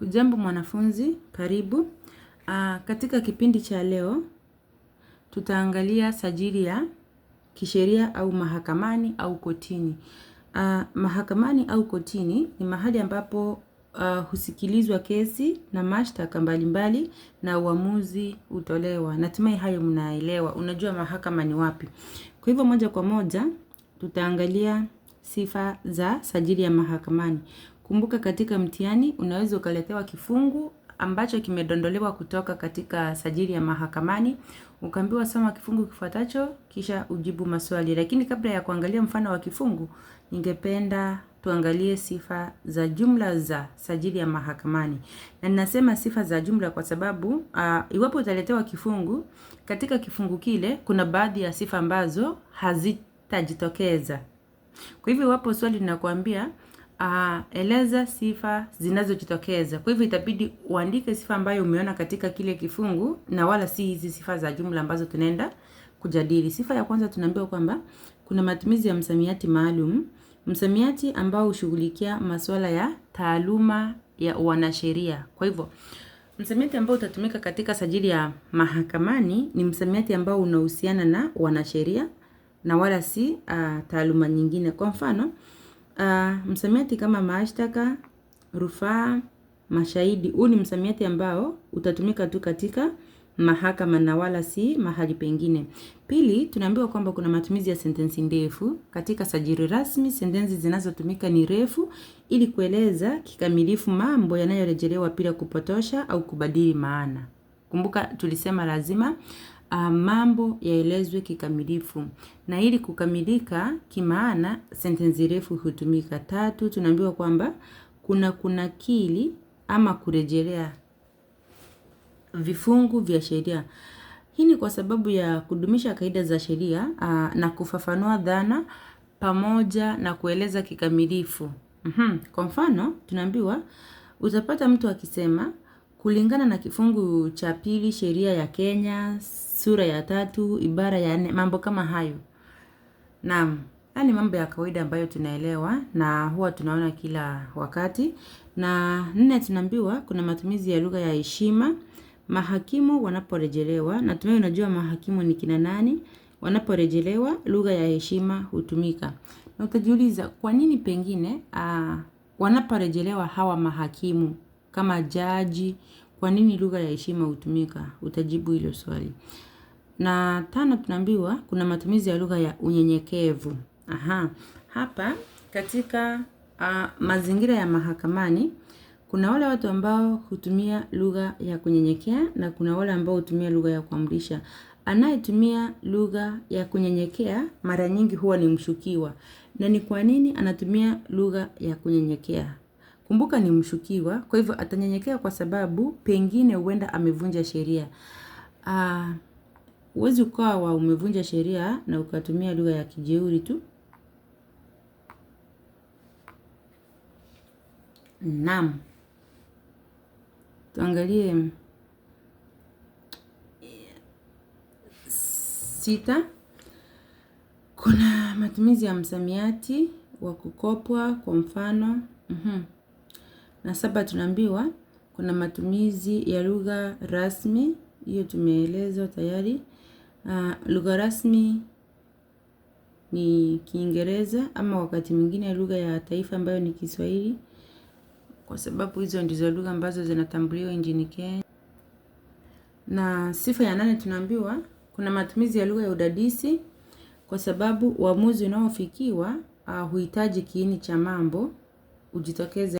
Hujambo mwanafunzi, karibu. Aa, ah, katika kipindi cha leo tutaangalia sajili ya kisheria au mahakamani au kotini. Aa, ah, mahakamani au kotini ni mahali ambapo uh, husikilizwa kesi na mashtaka mbalimbali na uamuzi utolewa. Natumai hayo mnaelewa. Unajua mahakama ni wapi? Kwa hivyo moja kwa moja tutaangalia sifa za sajili ya mahakamani. Kumbuka katika mtihani unaweza ukaletewa kifungu ambacho kimedondolewa kutoka katika sajili ya mahakamani, ukaambiwa soma kifungu kifuatacho kisha ujibu maswali. Lakini kabla ya kuangalia mfano wa kifungu, ningependa tuangalie sifa za jumla za sajili ya mahakamani, na ninasema sifa za jumla kwa sababu uh, iwapo utaletewa kifungu, katika kifungu kile kuna baadhi ya sifa ambazo hazitajitokeza. Kwa hivyo, iwapo swali linakuambia uh, eleza sifa zinazojitokeza. Kwa hivyo itabidi uandike sifa ambayo umeona katika kile kifungu na wala si hizi sifa za jumla ambazo tunaenda kujadili. Sifa ya kwanza tunaambiwa kwamba kuna matumizi ya msamiati maalum, msamiati ambao hushughulikia masuala ya taaluma ya wanasheria. Kwa hivyo msamiati ambao utatumika katika sajili ya mahakamani ni msamiati ambao unahusiana na wanasheria na wala si uh, taaluma nyingine. Kwa mfano Uh, msamiati kama mashtaka, rufaa, mashahidi. Huu ni msamiati ambao utatumika tu katika mahakama na wala si mahali pengine. Pili, tunaambiwa kwamba kuna matumizi ya sentensi ndefu katika sajiri rasmi. Sentensi zinazotumika ni refu ili kueleza kikamilifu mambo yanayorejelewa bila kupotosha au kubadili maana. Kumbuka tulisema lazima uh, mambo yaelezwe kikamilifu, na ili kukamilika kimaana sentensi refu hutumika. Tatu, tunaambiwa kwamba kuna kunakili ama kurejelea vifungu vya sheria. Hii ni kwa sababu ya kudumisha kaida za sheria uh, na kufafanua dhana pamoja na kueleza kikamilifu. Mm -hmm. Kwa mfano, tunaambiwa utapata mtu akisema Kulingana na kifungu cha pili sheria ya Kenya, sura ya tatu, ibara ya nne, mambo kama hayo. Naam, haya ni mambo ya kawaida ambayo tunaelewa na huwa tunaona kila wakati. Na nne, tunaambiwa kuna matumizi ya lugha ya heshima mahakimu wanaporejelewa. Natumai unajua mahakimu ni kina nani. Wanaporejelewa, lugha ya heshima hutumika, na utajiuliza kwa nini pengine, uh, wanaporejelewa hawa mahakimu kama jaji, kwa nini lugha ya heshima hutumika? Utajibu hilo swali. Na tano tunaambiwa kuna matumizi ya lugha ya unyenyekevu. Aha. Hapa katika uh, mazingira ya mahakamani kuna wale watu ambao hutumia lugha ya kunyenyekea na kuna wale ambao hutumia lugha ya kuamrisha. Anayetumia lugha ya kunyenyekea mara nyingi huwa ni mshukiwa. Na ni kwa nini anatumia lugha ya kunyenyekea? Kumbuka ni mshukiwa, kwa hivyo atanyenyekea kwa sababu pengine huenda amevunja sheria. Ah, huwezi uh, ukawa umevunja sheria na ukatumia lugha ya kijeuri tu. Naam, tuangalie sita. Kuna matumizi ya msamiati wa kukopwa, kwa mfano mm -hmm. Na saba tunaambiwa kuna matumizi ya lugha rasmi, hiyo tumeelezwa tayari. Uh, lugha rasmi ni Kiingereza ama wakati mwingine lugha ya taifa ambayo ni Kiswahili, kwa sababu hizo ndizo lugha ambazo zinatambuliwa nchini Kenya. Na sifa ya nane tunaambiwa kuna matumizi ya lugha ya udadisi, kwa sababu uamuzi unaofikiwa uh, huhitaji kiini cha mambo ujitokeze